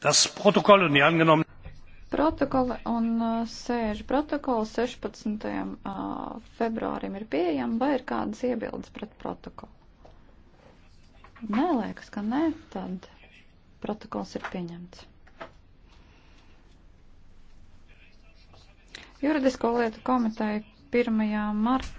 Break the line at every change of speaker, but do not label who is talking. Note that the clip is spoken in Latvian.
Das Protokoll un die angenommen.
Protokoli un uh, sēžu protokoli 16. Uh, februārim ir pieejami vai ir kādas iebildes pret protokolu? Nē, liekas, ka nē, tad protokols ir pieņemts.
Juridisko lietu
komiteja 1. martā.